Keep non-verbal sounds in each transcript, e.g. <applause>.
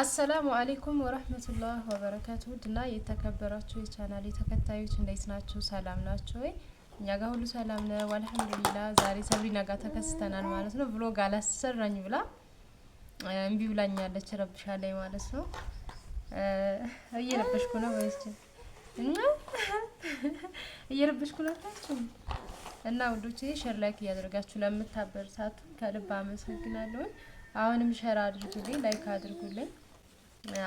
አሰላሙ አሌይኩም ወረህመቱላህ ወበረካቱ ድና የተከበራችሁ የቻናል ተከታዮች እንዴት ናችሁ? ሰላም ናችሁ ወይ? እኛ ጋር ሁሉ ሰላም ነው አልሐምዱሊላ። ዛሬ ሰብሪና ጋር ተከስተናል ማለት ነው። ብሎግ አላሰራኝ ብላ እምቢ ብላኛለች። ረብሻ ላይ ማለት ነው። እየረበሽኩ ነው ወይስ እና <laughs> እየረበሽኩ ናታችሁ እና ውዶቼ ሸር ላይክ እያደረጋችሁ ለምታበረታቱ ከልብ አመሰግናለሁ። አሁንም ሸር አድርጉልኝ፣ ላይክ አድርጉልኝ።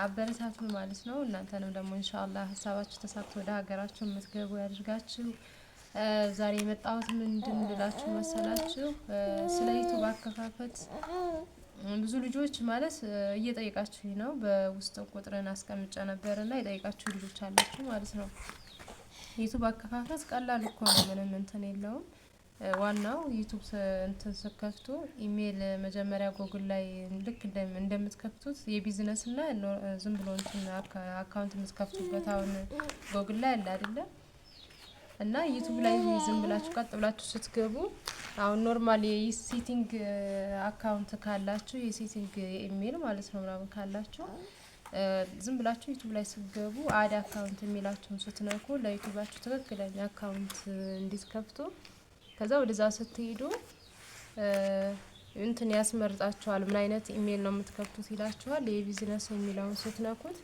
አበረታቱን ማለት ነው። እናንተንም ደግሞ እንሻላ ሀሳባችሁ ተሳክቶ ወደ ሀገራችሁ የምትገቡ ያድርጋችሁ። ዛሬ የመጣሁት ምንድን ልላችሁ መሰላችሁ? ስለ ዩቱብ አከፋፈት ብዙ ልጆች ማለት እየጠየቃችሁኝ ነው። በውስጥ ቁጥርን አስቀምጫ ነበር እና የጠየቃችሁ ልጆች አላችሁ ማለት ነው። ዩቱብ አከፋፈት ቀላል እኮ ነው፣ ምንም እንትን የለውም። ዋናው ዩቱብ እንትን ስከፍቱ ኢሜል መጀመሪያ ጎግል ላይ ልክ እንደምትከፍቱት የቢዝነስ ና ዝም ብሎ እንትን አካውንት የምትከፍቱበት አሁን ጎግል ላይ አለ አይደለም። እና ዩቱብ ላይ ዝም ብላችሁ ቀጥ ብላችሁ ስትገቡ አሁን ኖርማል የሴቲንግ አካውንት ካላችሁ የሴቲንግ ኢሜል ማለት ነው ምናምን ካላችሁ ዝም ብላችሁ ዩቱብ ላይ ስትገቡ አድ አካውንት የሚላችሁን ስትነኩ ለዩቱባችሁ ትክክለኛ አካውንት እንዲትከፍቱ ከዛ ወደዛ ስትሄዱ እንትን ያስመርጣችኋል። ምን አይነት ኢሜል ነው የምትከፍቱት ይላችኋል። የቢዝነስ የሚለውን ስትነኩት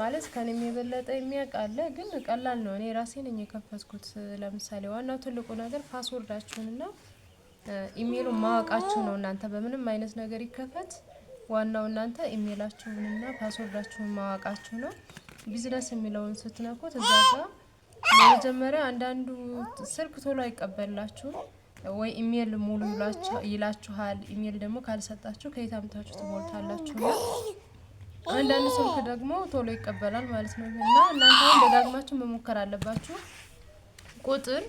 ማለት ከኔም የበለጠ የሚያውቃለ ግን ቀላል ነው። እኔ ራሴ ነኝ የከፈትኩት። ለምሳሌ ዋናው ትልቁ ነገር ፓስወርዳችሁንና ኢሜሉን ማወቃችሁ ነው። እናንተ በምንም አይነት ነገር ይከፈት ዋናው እናንተ ኢሜላችሁንና ፓስወርዳችሁን ማወቃችሁ ነው። ቢዝነስ የሚለውን ስትነኩት እዛ ጋር በመጀመሪያ አንዳንዱ ስልክ ቶሎ አይቀበላችሁም ወይ ኢሜል ሙሉ ይላችኋል። ኢሜል ደግሞ ካልሰጣችሁ ከየት አምታችሁ ትሞልታላችሁ ነው። አንዳንዱ ስልክ ደግሞ ቶሎ ይቀበላል ማለት ነው። እና እናንተም ደጋግማችሁ መሞከር አለባችሁ። ቁጥር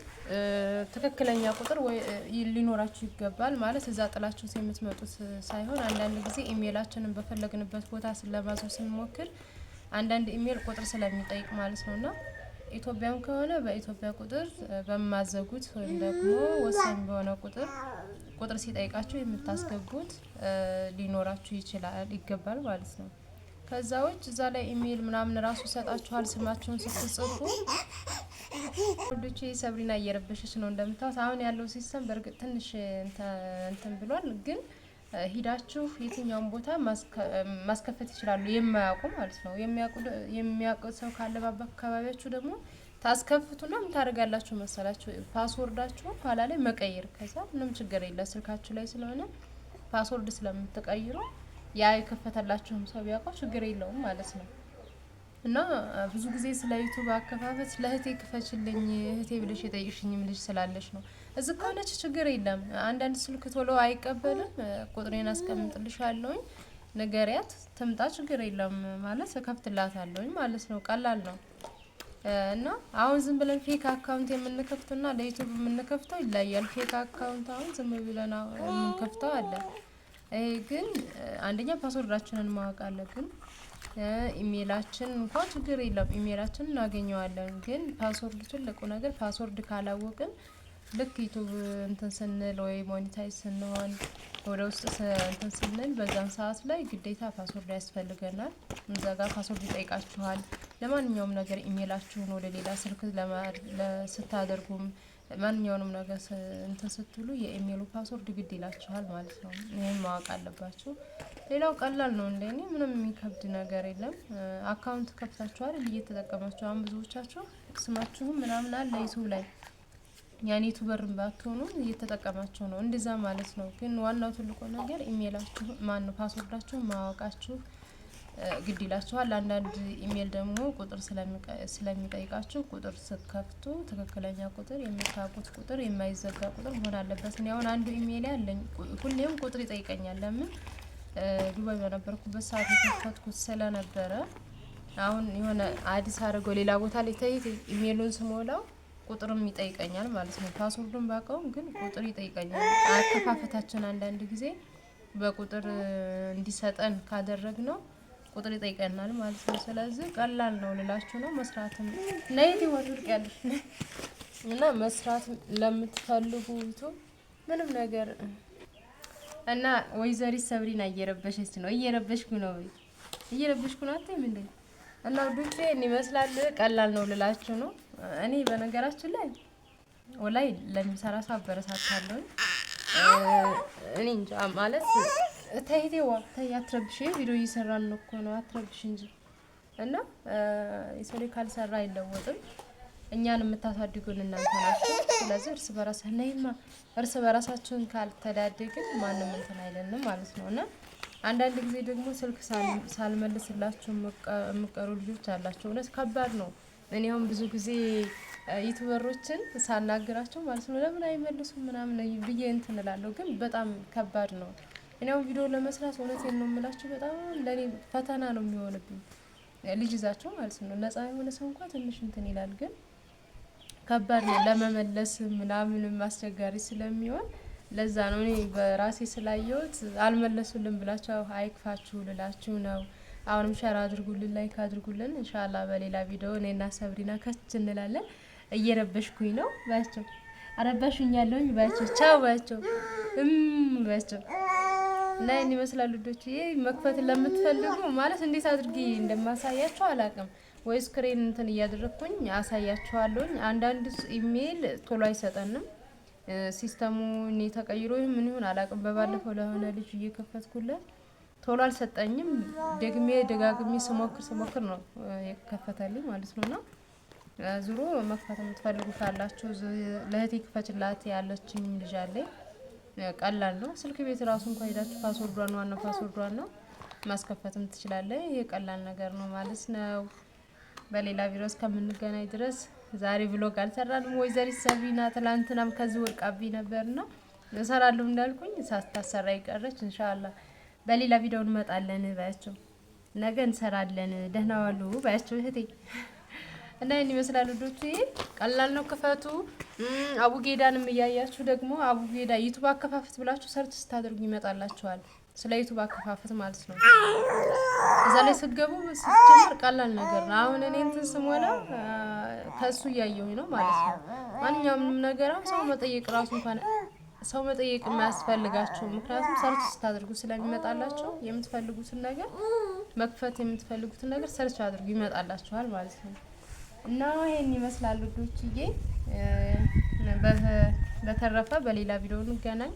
ትክክለኛ ቁጥር ወይ ሊኖራችሁ ይገባል ማለት እዛ ጥላችሁ የምትመጡት ሳይሆን አንዳንድ ጊዜ ኢሜላችንን በፈለግንበት ቦታ ስለማዞር ስንሞክር አንዳንድ ኢሜል ቁጥር ስለሚጠይቅ ማለት ነውና ኢትዮጵያም ከሆነ በኢትዮጵያ ቁጥር በማዘጉት ወይም ደግሞ ወሳኝ በሆነ ቁጥር ቁጥር ሲጠይቃቸው የምታስገቡት ሊኖራችሁ ይችላል ይገባል ማለት ነው። ከዛ ውጭ እዛ ላይ ኢሜይል ምናምን ራሱ ይሰጣችኋል። ስማችሁን ስትጽፉ ሁሉቹ ሰብሪና እየረበሸች ነው እንደምታዩት። አሁን ያለው ሲስተም በእርግጥ ትንሽ እንትን ብሏል ግን ሂዳችሁ የትኛውን ቦታ ማስከፈት ይችላሉ። የማያውቁ ማለት ነው። የሚያውቁ ሰው ካለ በአካባቢያችሁ ደግሞ ታስከፍቱና ምን ታደርጋላችሁ መሰላችሁ? ፓስወርዳችሁ ኋላ ላይ መቀየር። ከዛ ምንም ችግር የለ ስልካችሁ ላይ ስለሆነ ፓስወርድ ስለምትቀይሩ ያ የከፈተላችሁም ሰው ቢያውቀው ችግር የለውም ማለት ነው። እና ብዙ ጊዜ ስለ ዩቱብ አከፋፈት ለእህቴ ክፈችልኝ እህቴ ብለሽ የጠየቅሽኝም ልጅ ስላለች ነው እዚህ ከሆነች ችግር የለም። አንዳንድ ስልክ ቶሎ አይቀበልም። ቁጥሬን አስቀምጥልሻለሁኝ ንገሪያት ትምጣ፣ ችግር የለም ማለት እከፍትላታለሁኝ ማለት ነው። ቀላል ነው እና አሁን ዝም ብለን ፌክ አካውንት የምንከፍተውና ለዩቱብ የምንከፍተው ይለያል። ፌክ አካውንት አሁን ዝም ብለን የምንከፍተው አለ። ይሄ ግን አንደኛ ፓስወርዳችንን ማወቅ አለብን። ኢሜላችን እንኳን ችግር የለም፣ ኢሜላችን እናገኘዋለን። ግን ፓስወርድ ትልቁ ነገር ፓስወርድ ካላወቅን ልክ ዩቱብ እንትን ስንል ወይ ሞኒታይዝ ስንሆን ወደ ውስጥ እንትን ስንል በዛን ሰዓት ላይ ግዴታ ፓስወርድ ያስፈልገናል። እዛ ጋር ፓስወርድ ይጠይቃችኋል። ለማንኛውም ነገር ኢሜላችሁን ወደ ሌላ ስልክ ስታደርጉም ማንኛውንም ነገር እንትን ስትሉ የኢሜሉ ፓስወርድ ግድ ይላችኋል ማለት ነው። ይህም ማወቅ አለባችሁ። ሌላው ቀላል ነው። እንደኔ ምንም የሚከብድ ነገር የለም። አካውንት ከፍታችኋል እየተጠቀማችሁ አሁን ብዙዎቻችሁ ስማችሁም ምናምን አለ ዩቱብ ላይ ያኔ ቱበርን ባትሆኑ እየተጠቀማቸው ነው። እንደዛ ማለት ነው። ግን ዋናው ትልቁ ነገር ኢሜላችሁ ማን ነው ፓስወርዳችሁ ማወቃችሁ ግድ ይላችኋል። አንዳንድ ኢሜል ደግሞ ቁጥር ስለሚጠይቃችሁ ቁጥር ስከፍቱ ትክክለኛ ቁጥር፣ የምታውቁት ቁጥር፣ የማይዘጋ ቁጥር መሆን አለበት። እኔ አሁን አንዱ ኢሜል ያለኝ ሁሌም ቁጥር ይጠይቀኛል። ለምን ዱባይ በነበርኩበት ሰዓት የከፈትኩት ስለነበረ አሁን የሆነ አዲስ አድርገው ሌላ ቦታ ላይ ኢሜሉን ስሞላው ቁጥርም ይጠይቀኛል ማለት ነው። ፓስወርዱን ባውቀውም ግን ቁጥር ይጠይቀኛል። አከፋፈታችን አንዳንድ ጊዜ በቁጥር እንዲሰጠን ካደረግ ነው ቁጥር ይጠይቀናል ማለት ነው። ስለዚህ ቀላል ነው ልላችሁ ነው። መስራትም ነይት ወድቅ ያለሽ እና መስራት ለምትፈልጉ ቱ ምንም ነገር እና ወይዘሪት ሰብሪና እየረበሸች ነው። እየረበሽኩ ነው። እየረበሽኩ ነው። አትይም እንዴ? እና ውዶቼ ይመስላል ቀላል ነው ልላችሁ ነው። እኔ በነገራችን ላይ ወላይ ለሚሰራ ሰው አበረታታለሁ። እኔ እንጃ ማለት ተይቴዋ ተይ አትረብሽ፣ ቪዲዮ እየሰራን ነው እኮ ነው አትረብሽ እንጂ እና የሰው ልጅ ካልሰራ አይለወጥም። እኛን የምታሳድጉን እናንተ ናችሁ። ስለዚህ እርስ በራሳ ነይማ እርስ በራሳችሁን ካልተዳደግን ማንም እንትን አይለንም ማለት ነው እና አንዳንድ ጊዜ ደግሞ ስልክ ሳልመልስላቸው የምቀሩ ልጆች አላቸው። እውነት ከባድ ነው። እኔውም ብዙ ጊዜ ዩቱበሮችን ሳናግራቸው ማለት ነው ለምን አይመልሱም ምናምን ብዬ እንትን እላለሁ፣ ግን በጣም ከባድ ነው። እኔውም ቪዲዮ ለመስራት እውነቴን ነው የምላቸው፣ በጣም ለእኔ ፈተና ነው የሚሆንብኝ ልጅ ይዛቸው ማለት ነው። ነጻ የሆነ ሰው እንኳ ትንሽ እንትን ይላል፣ ግን ከባድ ነው ለመመለስ ምናምንም አስቸጋሪ ስለሚሆን ለዛ ነው እኔ በራሴ ስላየሁት አልመለሱልን ብላቸው አይክፋችሁ ልላችሁ ነው። አሁንም ሸር አድርጉልን፣ ላይክ አድርጉልን። እንሻላ በሌላ ቪዲዮ እኔና ሰብሪና ከች እንላለን። እየረበሽኩኝ ነው ባቸው አረባሹኝ ያለውኝ ባቸው ቻው ባቸው እም ባያቸው እና ይህን ይመስላል ልጆች። ይሄ መክፈት ለምትፈልጉ ማለት እንዴት አድርጌ እንደማሳያቸው አላውቅም። ወይ ስክሪን እንትን እያደረግኩኝ አሳያችኋለሁኝ። አንዳንድ ኢሜይል ቶሎ አይሰጠንም ሲስተሙ እኔ ተቀይሮ ምን ይሁን አላውቅም። በባለፈው ለሆነ ልጅ እየከፈትኩለት ቶሎ አልሰጠኝም። ደግሜ ደጋግሜ ስሞክር ስሞክር ነው የከፈተልኝ ማለት ነው። እና ዙሮ መክፈት የምትፈልጉ ካላችሁ ለእህቴ ክፈችላት ያለችኝ ልጅ አለኝ። ቀላል ነው። ስልክ ቤት ራሱ እንኳ ሄዳችሁ ፓስወርዷን ዋና ፓስወርዷን ነው ማስከፈትም ትችላለህ። ይሄ ቀላል ነገር ነው ማለት ነው። በሌላ ቪዲዮ እስከምንገናኝ ድረስ ዛሬ ብሎግ አልሰራንም። ወይዘሪት ሰቢና ትላንትናም ከዚህ ወርቃቢ ነው እሰራለሁ እንዳልኩኝ ሳታሰራ ይቀረች። እንሻላ በሌላ ቪዲዮ እንመጣለን ባያቸው፣ ነገ እንሰራለን። ደህና ዋሉ ባያቸው እህቴ። እና ይህን ይመስላል ልጆች፣ ቀላል ነው። ክፈቱ። አቡጌዳንም እያያችሁ ደግሞ አቡጌዳ ዩቱብ አከፋፍት ብላችሁ ሰርች ስታደርጉ ይመጣላችኋል። ስለ ዩቱብ አከፋፈት ማለት ነው። እዛ ላይ ስትገቡ ስትጀምር ቀላል ነገር ነው። አሁን እኔ እንትን ስሞላ ከእሱ እያየሁኝ ነው ማለት ነው። ማንኛውም ነገር አሁን ሰው መጠየቅ ራሱ እንኳን ሰው መጠየቅ የማያስፈልጋቸው ምክንያቱም ሰርች ስታደርጉ ስለሚመጣላቸው የምትፈልጉትን ነገር መክፈት የምትፈልጉትን ነገር ሰርች አድርጉ ይመጣላችኋል ማለት ነው። እና ይህን ይመስላል ልጆችዬ። በተረፈ በሌላ ቪዲዮ እንገናኝ።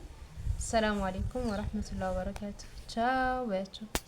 السلام عليكم ورحمة الله وبركاته تشاو باتشو